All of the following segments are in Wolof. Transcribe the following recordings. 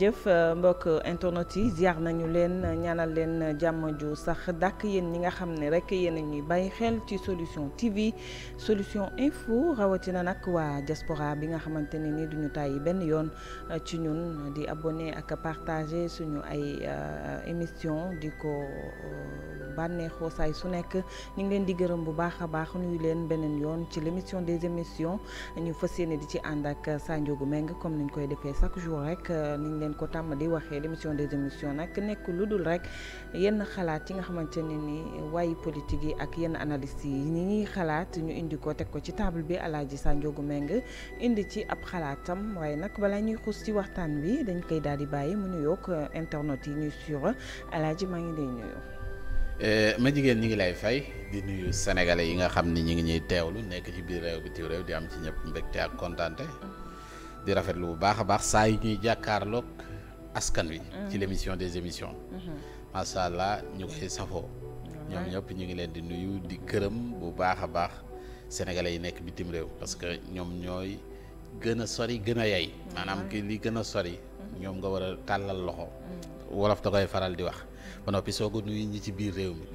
jëf euh, mbokk internet yi ziar nañu leen ñanal leen jàmm ju sax dàkk yéen ñi nga xam ne rek yéen a ñuy bàyyi xel ci solution TV solution info rawatina nag waa diaspora bi nga xamante ne ni duñu tàyyi benn yoon euh, ci ñun di abonné ak partager suñu ay euh, émission di ko bànneexoo saay su nekk ñu ngi leen di gërëm bu baax a baax nuyu leen beneen yoon ci l'émission des émissions ñu fas yéene di ci ànd ak Sa Ndiogou Meng comme ñu koy defee chaque jour rek leen ko tàmm di waxee l'émission des émissions nag nekk lu dul rek yenn xalaat yi nga xamante ne nii waaye politique yi ak yenn analyste yi ni ñuy xalaat ñu indi ko teg ko ci table bi Alaaji Sanjogu Meng indi ci ab xalaatam waaye nag balaa ñuy xuus ci waxtaan bi dañ koy daal di bàyyi mu yokk internet yi ñuy suivre Alaaji maa ngi lay nuyu. Eh, ma jigéen ñi ngi lay fay di nuyu yi nga xam ni ñi ngi ñuy teewlu nekk ci biir réew bi ci réew di am ci ñëpp mbégte ak kontaante di rafetlu bu baax a baax saa yu ñuy jàkkaarloog askan wi. Mm. ci l' émission des émissions. Mm-hmm. macha allah ñu koy safoo. ñoom ñëpp ñu ngi leen di nuyu di këram bu baax a baax sénégalais yi nekk bitim réew parce que ñoom ñooy gën a sori gën a yay. maanaam ki li gën a sori. Mm-hmm. ñoom nga war a tàllal loxo. Mm-hmm. wolof da faral di wax ba noppi soo ko nuyu ñi ci biir réew mi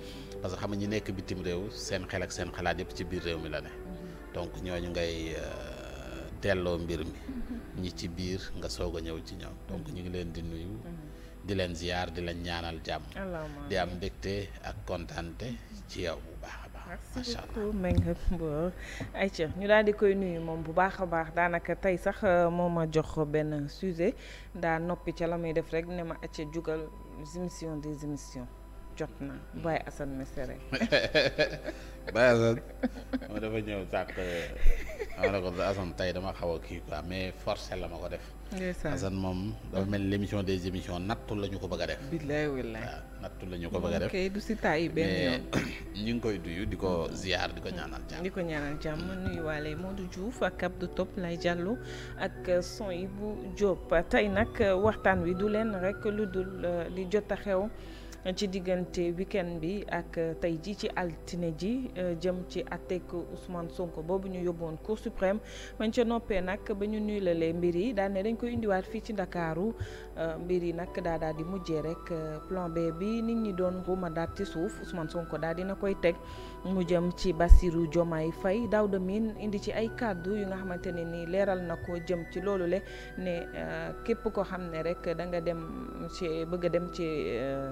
parce que xam nga ñi nekk bitim réew seen xel ak seen xalaat yëpp ci biir réew mi la ne. donc ñooñu ngay. Euh, teelloo mbir mi ñi ci biir nga soog a ñëw ci ñoom donc ñu ngi leen di nuyu di leen ziyaar di leen ñaanal jàmm di am mbégte ak kontaante ci yow bu baax a baax macha allah Mbengue Mbodj ayca ñu daal di koy nuyu moom bu baax a baax daanaka tey sax euh, moom ma jox benn sujet daa noppi ca la muy def rek ne ma acca jugal émission des émissions jot na Baye Assane Mesere. Baye Assane moom dafa ñëw sàkk xam nga ko tey dama xaw kii quoi mais forcé la ma ko def. ndeysaan Assane moom dafa mel ni l'émission des émissions nattu lañu ko bëgg def. billaay wallaay waaw nattu la ñu ko bëgg a def. du si taay benn yoon ñu ngi koy duyu di ko ziar di ko ñaanal jàmm. di ko ñaanal jàmm nuyuwaale Modou Diouf du Abdou Top lay jàllu ak son yi bu Diop tey nag waxtaan wi du leen rek lu dul euh, li jot a xew. ci diggante weekend bi ak euh, tey ji ci altine ji euh, jëm ci àtteeg Ousmane Sonko boobu ñu yóbboon Cour suprême mañ ca noppee nag ba ñu nuyulalee mbir yi daal dañ koy indiwaat fii ci Ndakaaru euh, mbir yi nag daa di mujjee rek plan B bi nit ñi doon ruuma daat ci suuf Ousmane Sonko daal dina koy teg mu jëm ci Bassirou Diomaye Faye Daouda Mine indi ci ay kàddu yu nga xamante ne ni leeral na ko jëm ci loolu le ne képp ko xam ne rek da nga dem ci bëgg a dem ci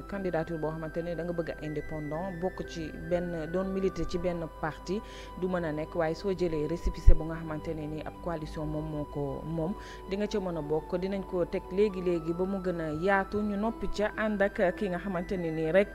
candidat candidature boo xamante ne da nga bëgg a indépendant bokk ci benn doon militer ci benn parti du mën a nekk waaye soo jëlee récépissé bu nga xamante ne ni ab coalition moom moo ko moom di nga ca mën a bokk dinañ ko teg léegi léegi ba mu gën a yaatu ñu noppi ca ànd ak ki nga xamante ne nii rek.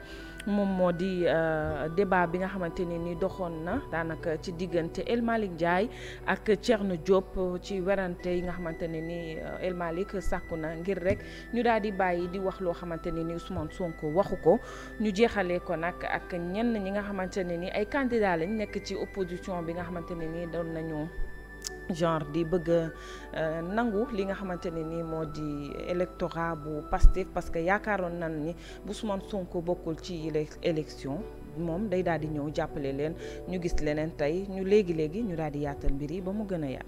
moom moo di euh, débat bi nga xamante ne ni doxoon na daanaka ci diggante El Malick Ndiaye ak Thierno Diop ci werante yi nga xamante ne ni euh, El Malick sàkku na ngir rek ñu daal di bàyyi di wax loo xamante ne ni suma sonk waxu ko ñu jeexalee ko nag ak ñenn ñi nga xamante ne ni ay candidat lañ nekk ci opposition bi nga xamante ne ni doon nañu. genre di bëgg euh, nangu li nga xamante ne nii moo di électorat bu Pastef parce que yaakaaroon nan ni bu Ousmane Sonko bokkul ci yile moom day daal di ñëw jàppale leen ñu gis leneen tey ñu léegi léegi ñu daal di yaatal mbir yi ba mu gën a ay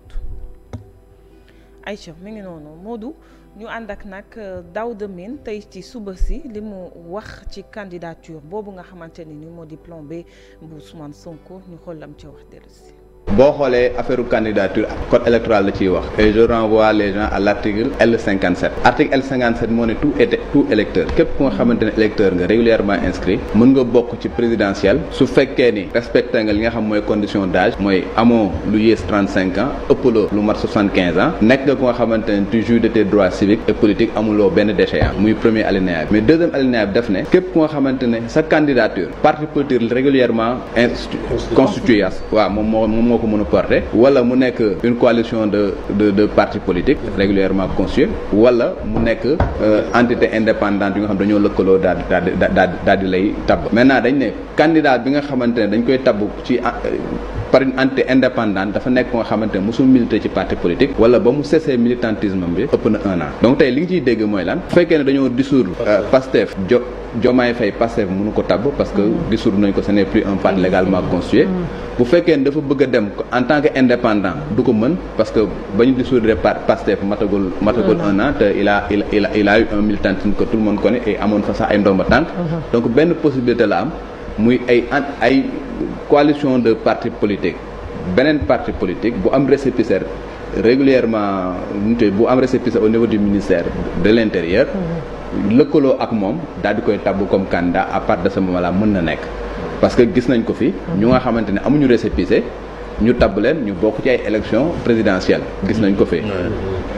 Aïcha mi ngi noonu moo du ñu ànd ak nag euh, Daouda Mine tey ci suba si li mu wax ci candidature boobu nga xamante ne ni moo di plan B bu Ousmane Sonko ñu xollam ci wax dellu si. boo xoolee affaire candidature code électoral la ciy wax et je renvoie les à l' article L57 article L57 moo ne tout été tout électeur képp ku nga xamante ne électeur nga régulièrement inscrit mën nga bokk ci présidentielle su fekkee ni respecté nga li nga xam mooy condition d' âge mooy amoo lu yées 35 ans ëppaloo lu mat 75 ans nekk nga ku nga xamante ne tu jouis de tes droits civiques et politiques amuloo benn déchéance muy premier alinéa bi mais deuxième ne képp ku nga xamante ne sa candidature parti politique régulièrement institu constitué moo ko mën a porter wala mu nekk une coalition de de de parti politiques régulièrement constitués wala mu nekk euh, entité indépendante yi nga xam dañoo lëkkaloo daal di dal di daal di lay tabb maintenant dañ ne candidat bi nga xamante ne dañ koy tabb ci a euh, par une entité indépendante dafa nekk nga xamante ne mosul ci parti politique wala ba mu cessé militantisme bi ëpp na un an donc tey li nga ciy dégg mooy lan bu fekkee ne dañoo dissoudre euh, Pastef Jomaay Faye Pastef mënu ko tabb parce que dissoudre nañ ko ce plus un parti légalement constitué bu fekkee ne dafa bëgg a dem en tant que indépendant du ko mën parce que ba ñu dissoudre Pastef matagul matagul un an te il a il il il coalition de partis politique beneen parti politique bu am récépissé régulièrement ñu tey bu am récépissé au niveau du ministère de l'intérieur mhm. lëkkaloo ak moom dal di koy tabb comme candidat à partir de ce moment mën na nekk parce que gis nañ ko fi mhm. ñu nga xamante ni amuñu récépissé ñu tabb leen ñu bokk ci ay élection présidentielle gis nañ ko fee.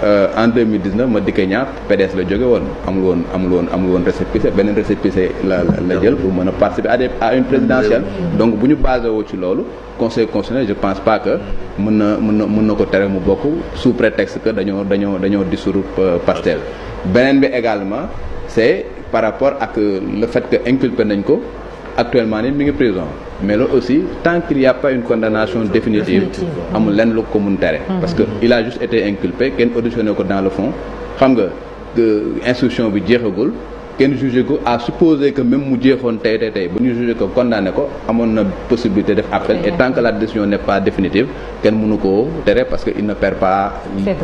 Euh, en dix 2019 ma dikkee ñaar PDS la jóge woon amul woon amul woon amul woon récépissé beneen récépissé la la jël pour mën a participer à des à une présidentielle. donc bu ñu basé ci loolu conseil constitutionnel je pense pas que mën na mën na mën na ko tere mu bokk sous prétexte que dañoo dañoo dañoo dissoudre euh, Pastef beneen bi également c'est par rapport ak le fait que inculpé nañ ko. actuellement nii mi ngi prison mais loolu aussi tant qu'il n'y a pas une condamnation définitive amul lenn lu ko mun tere mhm. parce que il a juste été inculpé kenn auditionné ko dans le fond xam nga euh, instruction bi jeexagul kenn jugé ko à supposer que même mu jeexoon tey tey tey ba ñu jugé ko condamné ko amoon na possibilité def appel et que la décision n'est pas définitive kenn mënu koo tere parce que il ne perd pas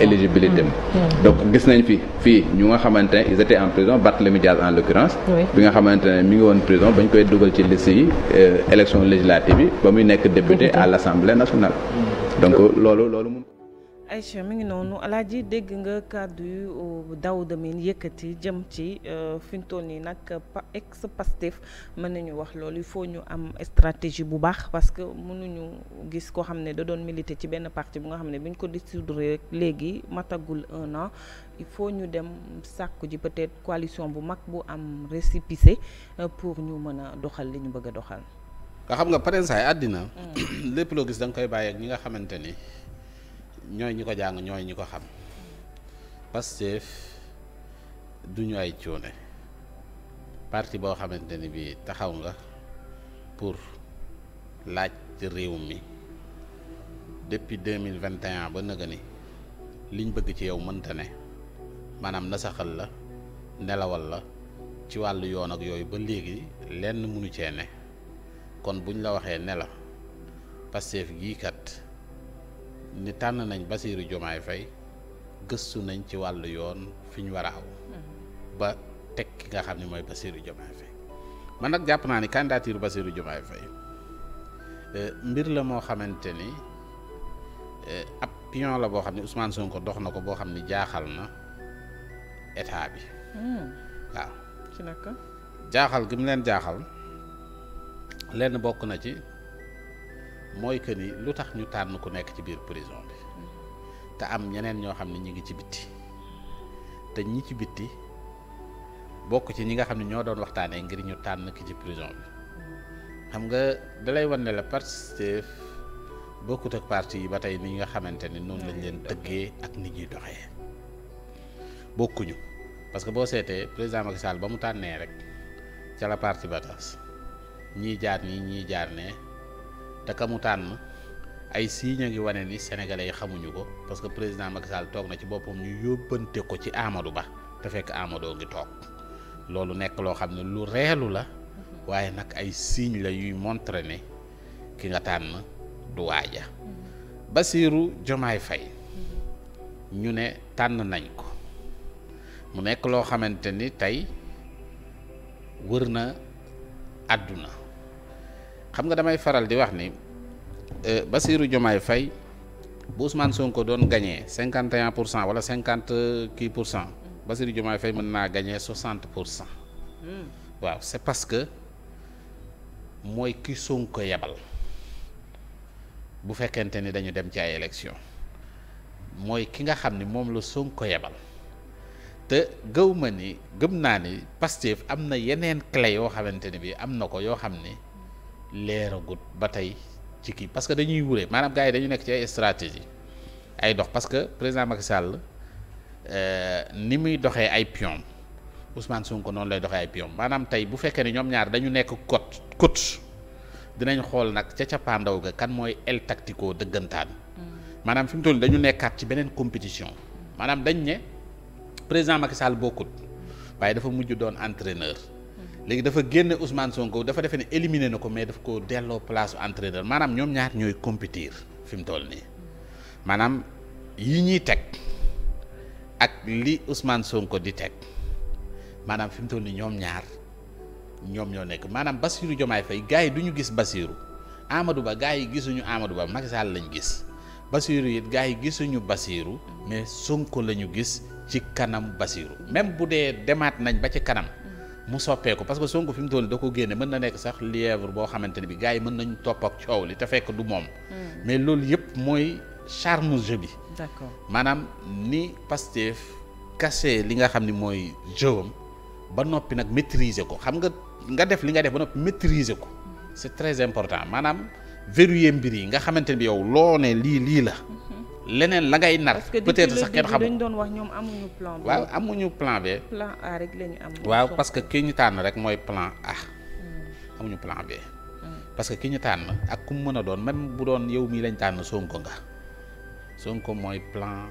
éligibilité mmh. Mmh. donc gis nañ fi fii ñu nga xamante ne ils étaient en prison Barthélémy Diaz en l'occurrence bi nga xamante ne ngi woon prison bañ koy dugal ci liste yi euh, élection législative yi ba muy nekk député à l'Assemblée nationale mmh. donc loolu loolu Aïcha mi ngi noonu alaaji dégg nga kàddu yu daw euh, damin yëkkati jëm ci euh, fi mu toll nii nag ex Pastef mën nañu wax loolu il faut ñu am stratégie bu baax parce que mënuñu gis koo xam ne da doon militer ci benn parti bu nga xam ne bi ñu ko dissoudre rek léegi matagul un an il faut ñu dem sàkku ji peut-être coalition bu mag bu am récépissé euh, pour ñu mën a doxal li ñu bëgg a doxal. nga xam nga parrainage àddina. Mm. lépp loo gis da koy bàyyi ak ñi nga xamante ni. ñooy ñi ko jàng ñooy ñi ko xam du ñu ay cuune parti boo xamante ni bii taxaw nga pour laaj réew mi depuis deux mille vingt et ba nëga ni liñ bëgg ci yow mënta ne maanaam nasaxal la nelawal la ci wàllu yoon ak yooyu ba léegi lenn mënu cee ne kon buñ la waxee nelaw la Pastef gii kat. ni tànn nañ Bassirou Diomaye fay gëstu nañ ci wàll yoon fi ñu war a aw mm-hmm. ba teg ki nga xam ne mooy Bassirou Diomaye Faye man nag jàpp naa ni candidature Bassirou Diomaye Faye euh, mbir la moo xamante ni euh, ab pion la boo xam ne Ousmane ko dox na ko boo xam ni jaaxal na état bi. Mm. waaw. ci jaaxal gi mu leen jaaxal lenn bokk na ci. mooy que ni lu tax ñu tànn ku nekk ci biir prison bi te am ñeneen ñoo xam ne ñi ngi ci bitti te ñi ci bitti bokk ci ñi nga xam ne ñoo doon waxtaanee ngir ñu tànn ki ci prison bi xam nga dalay wan ne la Pastef bokkut ak parti yi ba tey ni nga xamante ni noonu lañ leen tëggee ak ni ñuy doxee bokkuñu parce que boo seetee président Macky Sall ba mu tànnee rek ca la parti ba tas ñii jaar ñi ñii jaar ne te mu tànn ay signe a ngi wane ni sénégalais yi xamuñu ko parce que président Macky Sall toog na ci boppam ñu yóbbante ko ci amado Ba te fekk Amadou ngi toog loolu nekk loo xam ne lu reelu la waaye nag ay signe la yuy montre ne ki nga tànn du waaja Bassirou Diomaye Faye ñu ne tànn nañ ko mu nekk loo xamante ni tey wër na àdduna xam nga damay faral di wax ni euh, Bassirou Diomaye fay bu Ousmane Sonko doon gagné cinquante et un pour cent wala cinquante kii pour cent Bassirou Diomaye Faye mën naa gagné soixante pour cent hmm. waaw c'est parce que mooy ki Sonko yebal bu fekkente ni dañu dem ci ay élection mooy ki nga xam ni moom la Sonko yebal te gëw ma ni gëm naa ni Pastef am na yeneen clé yoo xamante ni bi am na ko yoo xam ni leeragut ba tey ci kii parce que dañuy wuree maanaam gars yi dañu nekk ci ay stratégie ay dox parce que président Macky Sall euh, ni muy doxee ay pion Ousmane Sonko noonu lay doxe ay pion maanaam tey bu fekkee ne ñoom ñaar dañu nekk cote cote dinañ xool nag ca cappaandaw ga kan mooy el tactico dëggantaan mm. maanaam fi mu toll dañu nekkaat ci beneen compétition maanaam dañ ne président Macky Sall bokkut waaye dafa mujj doon entraîneur léegi dafa génne Ousmane Sonko dafa defe ne éliminé na ko mais daf ko delloo place entraîneur maanaam ñoom ñaar ñooy compétir fi mu toll nii maanaam yi ñuy teg ak li Ousmane Sonko di teg maanaam fi mu toll nii ñoom ñaar ñoom ñoo nekk maanaam Bassirou jomaay fay gars yi du ñu gis Bassirou Amadou Ba gars yi gisuñu Amadou Ba Macky Sall lañ gis Bassirou it gars yi gisuñu Bassirou mais Sonko la ñu gis ci kanam Bassirou même bu dee demaat nañ ba ci kanam. mu soppee ko parce que Sonko fi mu toll da ko génne mën na nekk sax lièvre boo xamante ne bi gars mën nañ topp ak coow li te fekk du moom. Hmm. mais loolu yëpp mooy charme jeu bi. d'accord maanaam ni Pastef kase li nga xam ni mooy jëwam ba noppi nag maîtriser ko xam nga nga def li nga def ba noppi maîtriser ko hmm. c'est très important maanaam verrouiller mbir yi nga xamante ne bi yow loo ne lii lii la. Hmm. leneen la ngay nar. peut-être sax kenn xamul parce doon wax ñoom amuñu plan B. waaw amuñu plan B. plan A am. waaw parce que ki ñu tànn rek mooy plan A. Hmm. plan B. Hmm. parce que ki ñu tànn ak ku mu mën a doon même bu doon yow mii lañ tànn Sonko nga Sonko mooy plan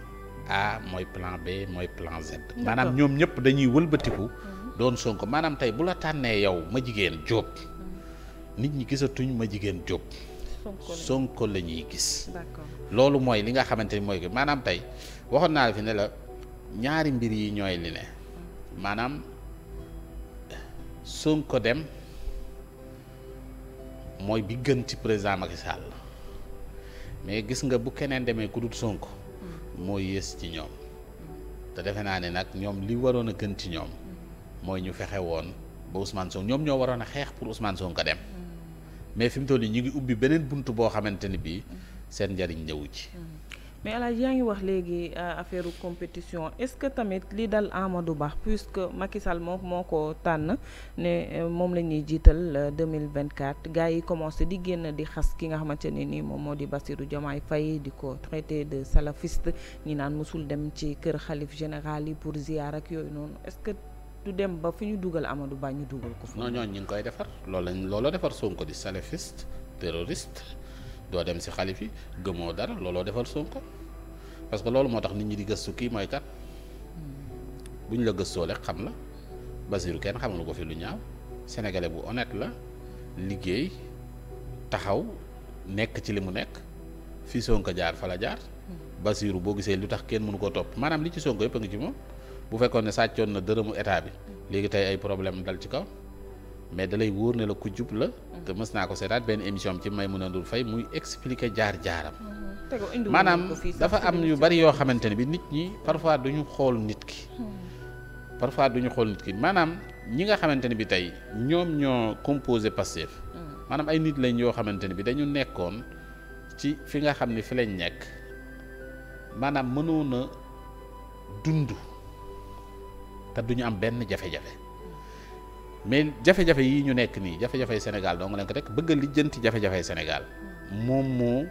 A mooy plan B mooy plan Z. maanaam ñoom ñëpp dañuy wëlbatiku. Hmm. doon Sonko maanaam tey bu la tànnee yow ma jigéen jóob nit ñi gisatuñ ma jigéen jóob Sonko la gis. loolu mooy li nga xamante ni mooy maanaam tey waxoon naa la fi ne la ñaari mbir yi ñooy li ne maanaam Sonko dem mooy bi gën ci président Macky Sall mais gis nga bu keneen demee ku sonk mooy yées ci ñoom te defe naa ne nag ñoom li waroon a gën ci ñoom mooy ñu fexe woon ba Ousmane Sonko ñoom ñoo waroon a xeex pour Ousmane Sonko dem mais fi mu ñu ngi ubbi beneen bunt boo xamante bii. seen njariñ ñëwu ci. mais El Hadj yaa ngi wax léegi euh, affaire compétition est-ce que tamit li dal du baax puisque que Sall moo moo ko tànn ne euh, moom la ñuy jiital 2024 euh, gars yi commencé di génn di xas ki nga xamante ne nii moom moo di Bassirou Diomaye Faye di ko traité de salafiste ñi naan mosul dem ci kër xalif général yi pour ziar ak yooyu noonu est-ce que du dem ba fi ñu dugal du Ba ñu dugal ko. non ñooñu ñu ngi koy defar loolu lañ looloo defar Sonko di salafiste terroriste. doo dem si xalifi gëmoo dara looloo defal Sonko parce que loolu moo tax nit ñi di gëstu kii mooy kat bu ñu la gëstoo rek xam la Basiru kenn xamul ko fi lu ñaaw sénégalais bu honnête la liggéey taxaw nekk ci li mu nekk fii Sonko jaar fa la jaar. Basiru boo gisee lu tax kenn mënu koo topp maanaam li ci Sonko yëpp a ngi ci moom bu fekkoon ne sàccoon na dërëmu état bi léegi tey ay problème dal ci kaw. mais dalay wóor ne la ku jub la. te mës naa ko seetaat benn émission ci may Maimouna Ndour Faye muy expliquer jaar jaaram. Mm-hmm. maanaam dafa am yu bari yoo xamante ne bi nit ñi parfois duñu xool nit ki. Mm-hmm. parfois duñu xool nit ki maanaam ñi nga xamante ne bi tey ñoom ñoo composé Pastef. Mm-hmm. maanaam ay nit lañ yoo xamante ne bi dañu nekkoon ci fi nga xam ne fi lañ nekk maanaam mënoon a dund te duñu am benn jafe-jafe. mais jafe-jafe yi ñu nekk nii jafe-jafey Sénégal dong lañ ko rek bëgg a lijjanti jafe-jafey Sénégal moom moo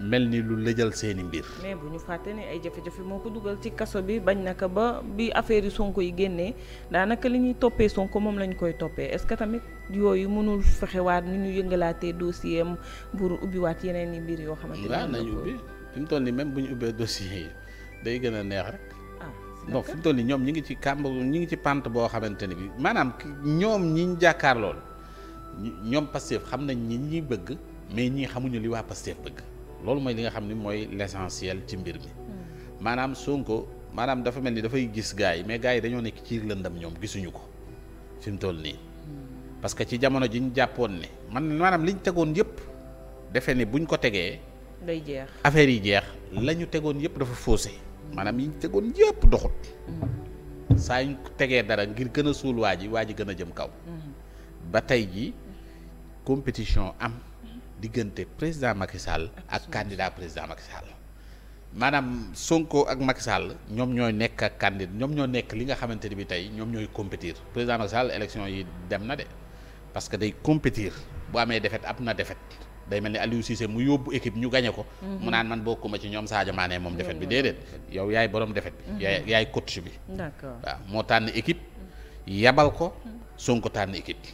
mel ni lu lëjal seeni mbir. mais bu ñu fàtte ne ay jafe-jafe moo ko dugal ci kaso bi bañ naka ba bi affaire yi Sonko yi génnee daanaka li ñuy toppee Sonko moom lañ koy toppee est-ce que tamit yooyu mënul fexewaat ni ñu yëngalaatee dossier am pour ubbiwaat yeneen i mbir yoo xamante ne. waaw nañu ubbi fi mu toll nii même bu ñu ubbee dossier yi day gën a neex rek. donc fi mu toll nii ñoom ñi ngi ci kàmb ñi ngi ci pante boo xamante ni bi maanaam ñoom ñi ñu jàkkaar lool ñoom Pastef xam nañ ñi ñuy bëgg mais ñii xamuñu li waa Pastef bëgg loolu mooy li nga xam ni mooy l'essentiel ci mbir mi hmm. maanaam Sonko maanaam dafa mel ni dafay gis gars yi mais gars yi dañoo nekk ci lëndam ñoom gisuñu ko fi mu toll nii hmm. parce que ci jamono ji ñu jàppoon ne man maanaam li ñu tegoon yëpp defe ne buñ ko tegee. day jeex affaire yi jeex la ñu tegoon yëpp dafa faussé. maanaam yi ñu tegoon yëpp doxut saa ñu tegee dara ngir gën a suul waa ji waa ji gën a jëm kaw ba tey ji compétition am diggante président Macky Sall ak candidat président Macky Sall maanaam Sonko ak Macky Sall ñoom ñooy nekk ak candidat ñoom ñoo nekk li nga xamante ni bi tey ñoom ñooy compétir président Macky Sall yi dem na de parce que day compétir boo amee défaite am na défaite day mel ni Aliou Cissé mu yóbbu équipe ñu gañe ko mhm. mu naan man bokkuma ci ñoom Sadio Mané moom defet bi mhm. déedéet yow yaay borom defet bi mhm. yaay yaay coach bi d'accord waaw moo tànn équipe yabal ko Sonko tànn équipe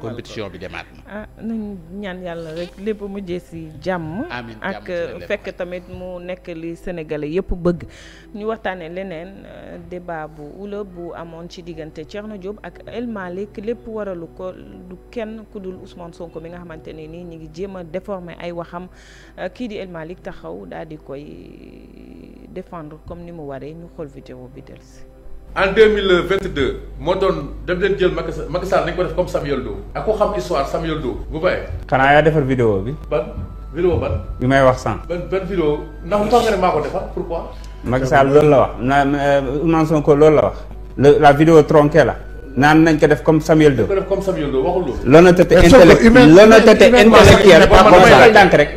compétition bi demaat na. ah nañ ñaan yàlla rek lépp mujje si jàmm. ak fekk tamit mu nekk li sénégalais yëpp bëgg. ñu waxtaanee leneen euh, débat bu wula bu amoon ci diggante na Diop ak El Malick lépp waralu ko du kenn ku dul Ousmane Sonko mi nga xamante ni nii ñu ngi jéem a déformer ay waxam euh, kii di El Malick taxaw daal di koy défendre comme ni mu waree ñu xool vidéo bi dellusi. en deux mille vingt deux moo doon dem leen jël Macky Sall Macky Sall nañ ko def comme Samuel Doe ak ku xam histoire Samuel Doe bu bàyyi. xanaa yaa defar vidéo bi. ban vidéo ban. bi may wax sànq. ban ban vidéo ndax lu tax nga ne maa ko defar pourquoi. Macky Sall loolu la wax na euh, Ousmane Sonko loolu la wax. la vidéo tronquée la. naan nañ ko def comme Samuel Doe. def comme Samuel Doe waxul l'honnêteté intellectuelle l'honnêteté intellectuelle tànk rek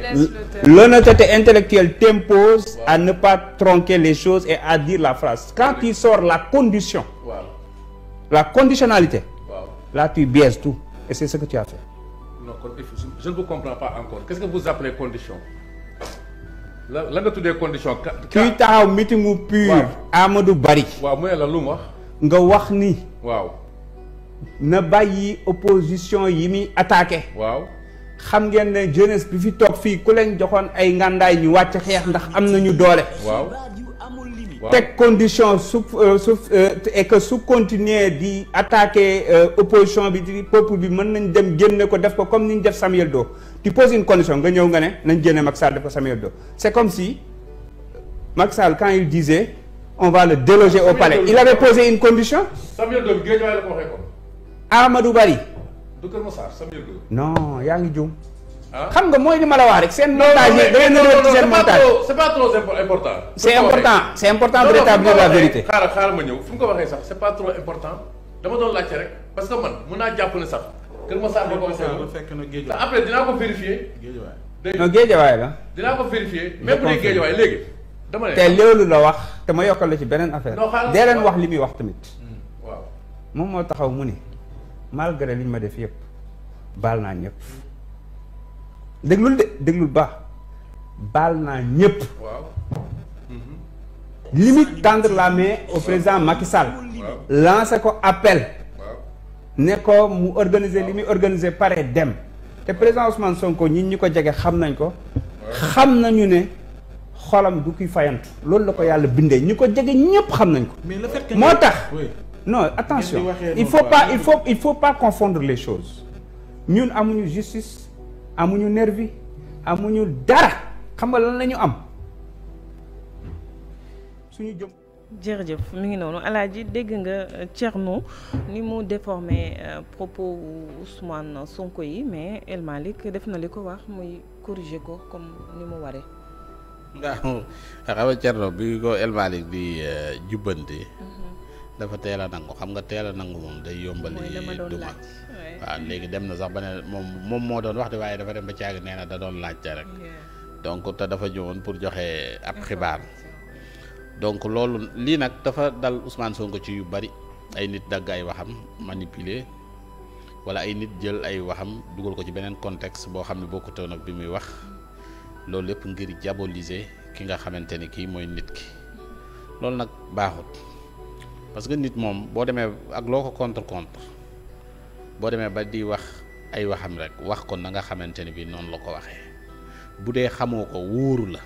l'honnêteté intellectuelle t'impose à ne pas tronquer les choses et à dire la phrase quand tu la condition la conditionnalité là tu biaises tout et c'est ce que tu as fait non encore qu'est-ce que vous la la nga tuddee condition kuy taxaw meeting wu pur Amadou Bari waaw nga wax ni waaw na bàyyi opposition yi muy attaqué. waaw xam ngeen ne jeunesse bi fi toog fii ku leen joxoon ay ngàndaay ñu wàcc xeex ndax am nañu doole. waaw teg condition su euh, su euh, et que su continuer di attaquer euh, opposition bi di peuple bi mën nañ dem génne ko def ko comme ni ñu def Samuel do tu poses une condition nga ñëw nga ne nañ génne Macky Sall def ko Samuel Doe c'est comme si Macky Sall quand il disait on va le déloger au palais il avait posé une condition. Samuel Amadou Bari. du Kër Massar non yaa ngi juum. Ah? xam nga mooy li ma la wax rek seen. montage yi da ngeen di seen montage c'est pas trop important. c'est important c'est important xaaral ma ñëw fu mu ko waxee sax c'est pas trop important dama doon laajte rek parce que man naa jàpp ne sax. Kër Massar da ko waxee après dinaa ko vérifier. non géejawaay la. dinaa ko vérifier même bu dee géejawaay dama ne te loolu la wax te ma yokkal la ci beneen affaire. non dee leen wax li muy wax tamit. Hmm, waaw moom moo taxaw mu ni malgré liñ ma def yëpp baal naa ñëpp déglul de déglul baax baal naa ñëpp. waaw. Mm-hmm. limite tendre la mais au président Macky Sall. lancer ko appel. ne ko mu organiser li muy organiser pare dem. te président Ousmane Sonko ñi ñu ko jege xam nañ ko. xam nañu ne xolam du kuy fayantu. loolu la ko yàlla bindee ñu ko jege ñëpp xam nañ ko. moo tax. non attention il faut pas il faut il faut pas confondre les choses ñun amuñu justice amuñu nervi amuñu dara xam nga lan la am suñu jëm. jërëjëf mi ngi noonu alaaji dégg nga euh, Thierno ni mu déformé euh, propos Ousmane Sonko yi mais El Malick def na li ko wax muy corriger ko comme ni mu waree. waaw xam nga Thierno bi ko El Malick di euh, jubbanti. Mhm. dafa teel a nangu xam nga teel a nangu moom day yombali duma waaw léegi dem na sax ba ne moom moom moo doon wax de waaye dafa dem ba caagi nee na da doon laajte rek donc te dafa ñëwoon pour joxe ab xibaar donc loolu lii nag dafa dal Ousmane Sonko ci yu bari ay nit dagg ay waxam manipuler wala ay nit jël ay waxam dugal ko ci beneen contexte boo xam ne bokkutoon ak bi muy wax loolu lépp ngir diaboliser ki nga xamante ni kii mooy nit ki loolu nag baaxut parce que nit moom boo demee ak loo ko contre contre boo demee ba di wax ay waxam rek wax ko na nga xamante ne bii noonu la ko waxee bu dee xamoo ko wóoru la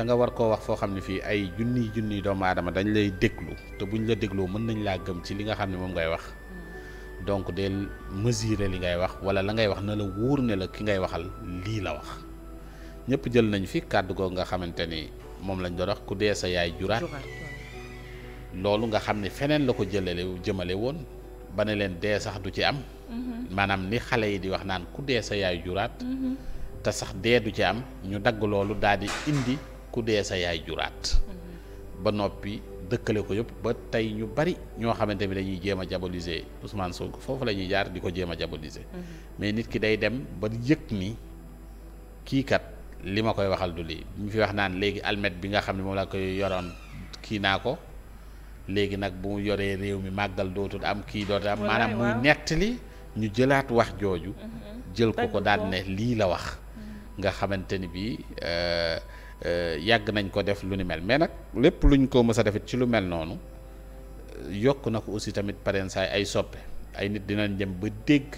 te nga war koo wax foo xam ne fii ay junniy junniy doomu aadama dañ lay déglu te bu buñ la dégloo mën nañ laa gëm ci li nga xam ne moom ngay wax hmm. donc del mesurer li ngay wax wala la ngay wax na la wóor ne la ki ngay waxal lii la wax ñëpp jël nañ fi kàddu googu nga xamante ni moom lañ doon wax ku dee sa yaay juraat loolu nga xam ne feneen la ko jëlale jëmale woon ba ne leen dee sax du ci am mm-hmm. maanaam ni xale yi di wax naan ku dee sa yaay juraat mm-hmm. te sax dee du ci am ñu dagg loolu daal di indi ku dee sa yaay juraat mm-hmm. ba noppi dëkkale ko yëpp ba tey ñu bari ñoo xamante ni dañuy jéem a diaboliser Ousmane Sonko foofu la ñuy jaar di ko jéem a diaboliser mais nit ki day dem ba yëg ni kiikat kat li ma koy waxal du lii ñu fi wax naan léegi almet bi nga xam ne moom la koy yoroon kii naa ko léegi nag bu mu yoree réew mi màggal dootul am kii dootul am maanaam muy nettali ñu jëlaat wax jooju mm-hmm. jël ko ko daan ne lii la wax mm-hmm. nga xamante ni bi euh, euh, yàgg nañ ko def lu ni mel mais nag lépp luñ ko mës a defit ci lu mel noonu euh, yokk na ko aussi tamit parensaay ay soppe ay nit dinañ dem ba dégg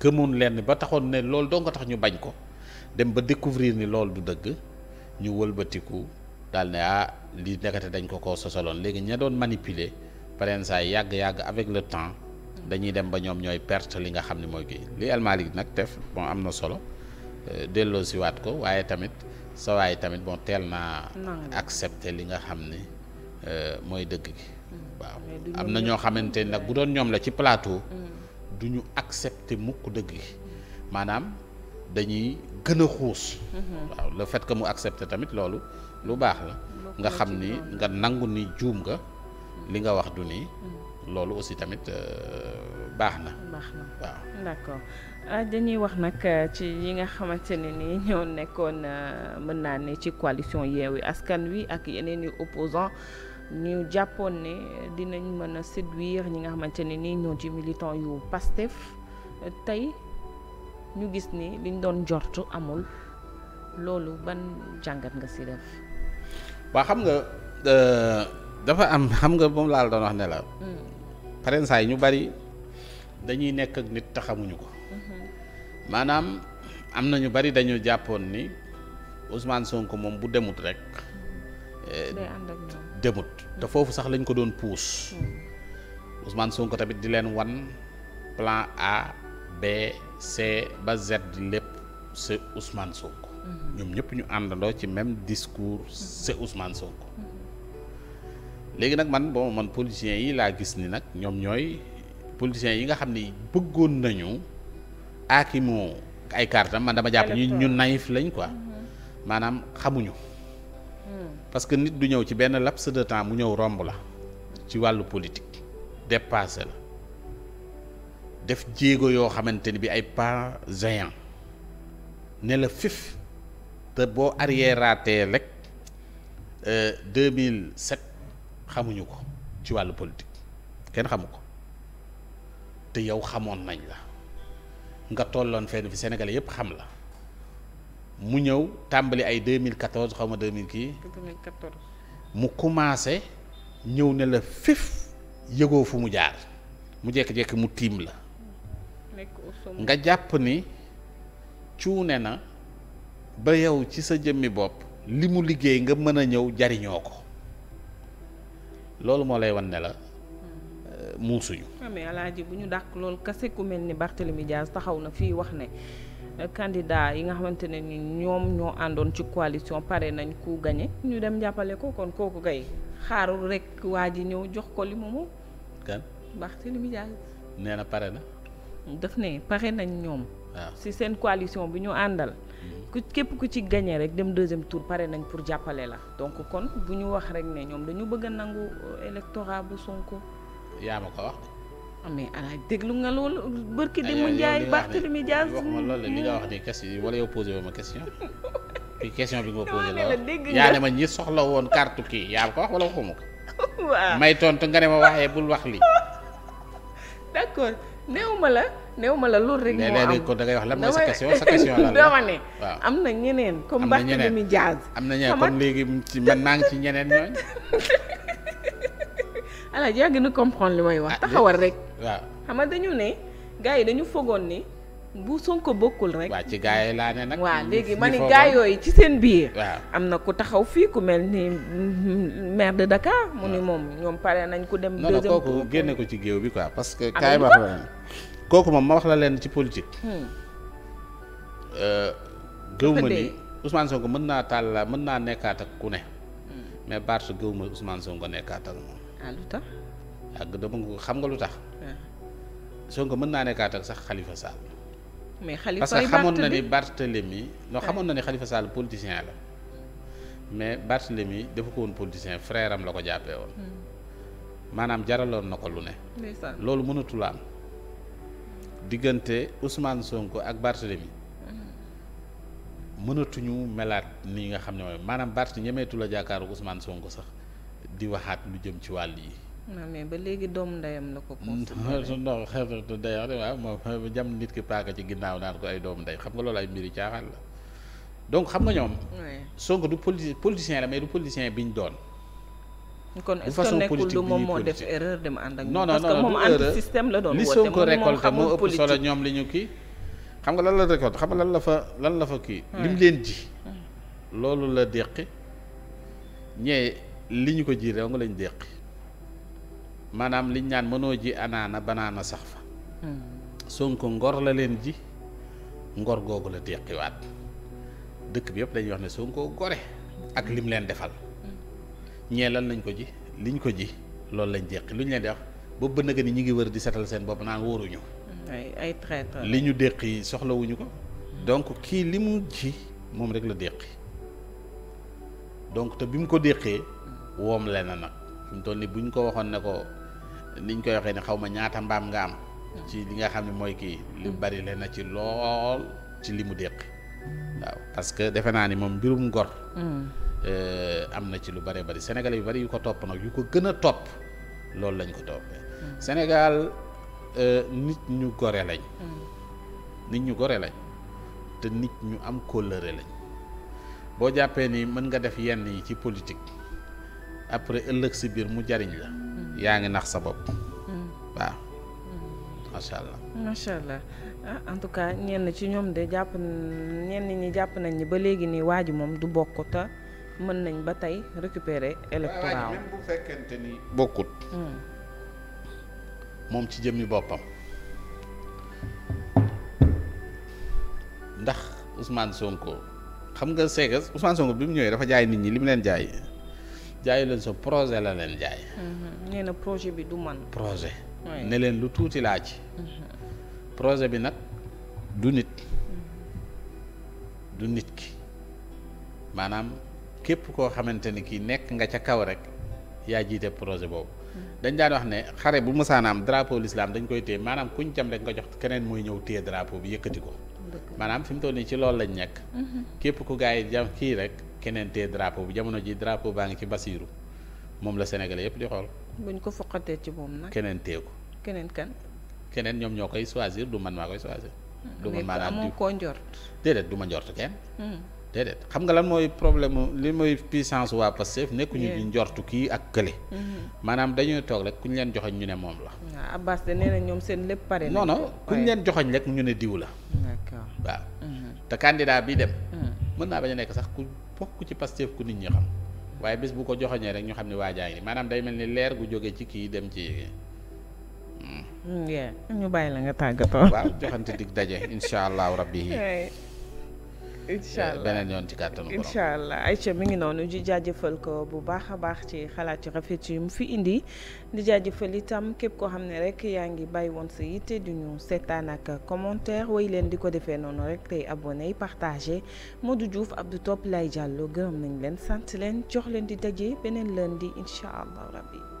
gëmoon leen ba taxoon ne loolu doo nga tax ñu bañ ko dem ba découvrir ni loolu du dëgg ñu wëlbatiku daal ne ah li nekkate dañ ko ko sosaloon léegi ña doon manipuler pareen saa yàgg-yàgg avec le temps dañuy dem ba ñoom ñooy perte li nga xam ne mooy kii li El nag def bon am na solo euh, delloo si waat ko waaye tamit sa waaye tamit moo teel naa accepter li nga xam ne euh, mooy dëgg gi mm. waaw am na ñoo xamante nag bu doon ñoom la ci palaato mm. du ñu accepter mukk dëgg gi mm. maanaam dañuy gën a xuus. Mhm. waaw le fait que mu accepté tamit loolu lu baax la. nga xam ni nga nangu ni juum nga. Mhm. li nga wax du nii. Mhm. loolu aussi tamit euh, baax na. baax na waaw d'accord ah, dañuy wax nag euh, ci yi nga xamante ne nii ñoo nekkoon euh, mën naa ne ci coalition Yewwi Askan Wi ak yeneen i opposants ñu jàppoon ne dinañ mën a séduire ñi nga xamante ne ni ñoo ci militant yu Pastef tey. ñu gis ni ñu doon jortu amul loolu ban jàngat nga si def. waa xam nga euh, dafa am xam nga moom laal doon wax ne la. Hmm. parents yi ñu bari dañuy nekk ak nit taxamuñu ko. Hmm. maanaam am na ñu bari dañu jàppoon ni Ousmane Sonko moom bu demut rek. Hmm. Eh, demut te foofu sax lañ ko doon puus. Ousmane Sonko tamit di leen wan plan A. B C ba Z lépp c'est Ousmane Sonko. Mhm. ñoom ñëpp ñu àndandoo ci même discours mhm. c'est Ousmane Sonko. Mhm. léegi nag man bon man politiciens yi laa gis ni nag ñoom ñooy politiciens yi nga xam ni bëggoon nañu aakimoo ay kartam man dama jàpp ñu ñu naïf lañ quoi maanaam xamuñu. parce que nit du ñëw ci benn laps de temps mu ñëw romb la ci wàllu politique dépassé la. def jéego yoo xamante ni bi ay pas géant ne la fif te boo arriéraatee rek euh, deux mille sept xamuñu ko ci wàllu politique kenn xamu ko te yow xamoon nañ la nga tolloon fenn fi Sénégalais yëpp xam la mu ñëw tàmbali ay 2014 xaw ma 2000 kii. 2014 mu commencé ñëw ne la fif yëgoo fu mu jaar mu jékki-jékki mu tiim la. nga jàpp ni cuune na ba yow ci sa jëmmi bopp li mu liggéey nga mën a ñëw jariñoo ko loolu moo lay wan ne la euh, muusuñu. Ah, mais alaaji bu ñu dàq loolu kase ku mel ni Barthélemy Diaz taxaw na fii wax ne euh, candidat yi nga xamante ne ni ñoom ñoo àndoon ci coalition pare nañ ku gañe ñu dem jàppale ko kon kooku kay xaarul rekk waa ji ñëw jox ko li mu moom. kan Barthélemy Diaz nee pare na. daf ne pare nañ ñoom. si seen coalition bi ñu àndal. Mhm. ku képp ku ci gagné rek dem deuxième tour pare nañ pour jàppale la donc kon bu ñu wax rek ne ñoom dañu bëgg a nangu euh, électorat bu Sonko. yaa ma ko wax. Ah, mais alaaj déglu nga loolu bërki ah, di mu njaay Barthélemy Dias wax ma loolu li nga wax de question wala yow ma question bi bi nga posé la ma soxla woon carte kii yaa ko wax may tontu nga ne ma waxee bul wax li d'accord néew ma la néew ma la loolu rek. moo am kon da wax lam mooy sa question sa question lan la dama ne. am na ñeneen. comme Barthélémy Diaz. am na ñeneen comme léegi ci man naa ci ñeneen ñooñ ala yaa gën a comprendre li may wax. Ah, taxawal rek. waaw xam nga dañu ne gars yi dañu fogoon ni. bu Sonko bokkul rek. waa ci gars yi laa ne nag. waa léegi ma ni gars yooyu ci seen biir. waaw am na ku taxaw fii ku mel ni maire de Dakar. mu ni moom ñoom pare nañ ko dem. deuxième ko génne ko ci géew bi quoi parce que. Ah, kaay kooku moom ma wax la leen ci politique. Hmm. Euh, gëw ma ni Ousmane Sonko mën naa taal la mën naa nekkaat ak ku ne. Hmm. mais Barth gëw ma Ousmane Sonko nekkaat ak moom. ah lu tax. ak dama xam nga lu tax. Ah. Sonko mën naa nekkaat ak sax xalifa Sall. mais Khalifa parce que xamoon na ni Barthélemy non xamoon na ni Khalifa Sall politicien la mais Barthélemy dafa ko woon politicien frère am la ko jàppee woon hmm. maanaam jaraloon na ko lu ne loolu mënatul am diggante Ousmane Sonko ak Barthélemy hmm. mënatuñu melaat ni nga xam ne mooy maanaam Barth ñemeetu la jàkkaaru Ousmane Sonko sax di waxaat lu jëm ci wàll yi non mais ba léegi doomu ndeyam la ko. constaté da mm, xeetu ndeyam waaw moom jam nit ki paaka ci ginnaaw naan ko ay doomu ndey xam nga loolu ay mbiri caaxaan la donc xam nga ñoom. Sonko du politi politicien la mais du politicien ñu doon. kon est-ce que du moom moo def erreur dem ànd ak non non parce que moom anti la doon woote li Sonko récolté moo ëpp solo ñoom ñu kii. xam nga lan la récolte xam nga lan la fa lan la fa kii. lim leen ji. loolu la déqi ñee li ñu ko ji réew nga lañ déqi maanaam liñ naan mënoo ji anaana banaana sax fa hmm. Sonko ngor la leen ji ngor googu la teqiwaat dëkk bi yëpp dañuy wax ne Sonko gore ak li mu leen defal hmm. ñee lan lañ ko ji liñ ko ji loolu lañ jeqi lu ñu leen di wax boobu ba nag ni ñu ngi wër di setal seen bopp naan wóoruñu hmm. ay ay li ñu déqi soxlawuñu ko donc kii li mu ji moom rek la déqi donc te bi mu ko déqee woom le na nag fi mu toll ni bu ñu ko waxoon ne ko niñ koy waxee ne xaw ma ñaata mbaam nga ci li nga xam ne mooy kii li bari leen na ci lool ci li mu déq parce que defe naa ni moom mbirum ngor mm. eh, am na ci lu bëree bëri sénégalais yu bëri yu ko topp nag yu ko gën a topp loolu lañ ko toppee mm. sénégal eh, nit ñu gore lañ mm. ñu gore lañ te nit ñu am kóllëre lañ boo jàppee ni mën nga def yenn yi ci politique après ëllëg si biir mu jariñ la yaa ngi nax sa bopp mm. waaw mm. macha allah macha allah ah, en tout cas ñenn ci ñoom de jàpp ñenn ñi jàpp nañ ni ba léegi nii waa ji moom du bokk te mën nañ ba tey récupérer électorat même bokkut mm. moom ci jëmmi boppam ndax Ousmane Sonko xam nga seega Ousmane Sonko bi mu ñëwee dafa jaay nit ñi li mu leen jaay jaay leen sa projet la leen jaay. Mhm. nee na projet bi du man. projet. ne leen lu tuuti laa ci. Mhm. projet bi nag du nit. du nit ki maanaam képp koo xamante ni kii nekk nga ca kaw rek yaa jiite projet boobu. Mhm. dañ daan wax ne xare bu musaanaam drapeau l'islam dañ koy téye maanaam kuñ jam rek nga jox keneen mooy ñëw téye drapeau bi yëkkati ko. maanaam fi toll nii ci loolu lañ nekk. képp ku gars yi jam kii rek. keneen tee drapeau bi jamono ji drapeau baa ngi ci Basiiru moom la sénégalais yëpp di xool. buñ ko foqatee ci moom nag. keneen tee ko. keneen kan. keneen ñoom ñoo koy choisir du man maa koy choisir. Hmm, du ma maanaam amoo koo njort. déedéet du ma njort kenn. Hmm. déedéet xam nga lan mooy problème li mooy puissance waa Pastef nekkuñu ñu njortu kii ak kële. Hmm. maanaam dañuy toog rek ku ñu leen joxoñ ñu ne moom la. waaw Abbas de nee ñoom seen lépp pare. non ku ñu leen joxoñ rek ñu ne diw la. a bokk ci Pastef ku nit ñi xam waaye bés bu ko joxoñee rek ñu xam ne waajaay ngi maanaam day mel ni leer gu jógee ci kii dem ci hmm. ñu bàyyi la nga tàggatoo. waaw joxante dig daje incha allahu yi incha allah beneen yoon ci incha allah mi ngi noonu di jaajëfal ko bu baax a baax ci xalaat yu rafet yi mu fi indi di jaajëfal itam képp koo xam ne rek yaa ngi bàyyi woon sa yitte du ñu seetaan ak commentaire way leen di ko defee noonu rek tey moo du Modou Diouf du Top lay jàllo gërëm nañ leen sant leen jox leen di daje beneen leen di incha allah rabbi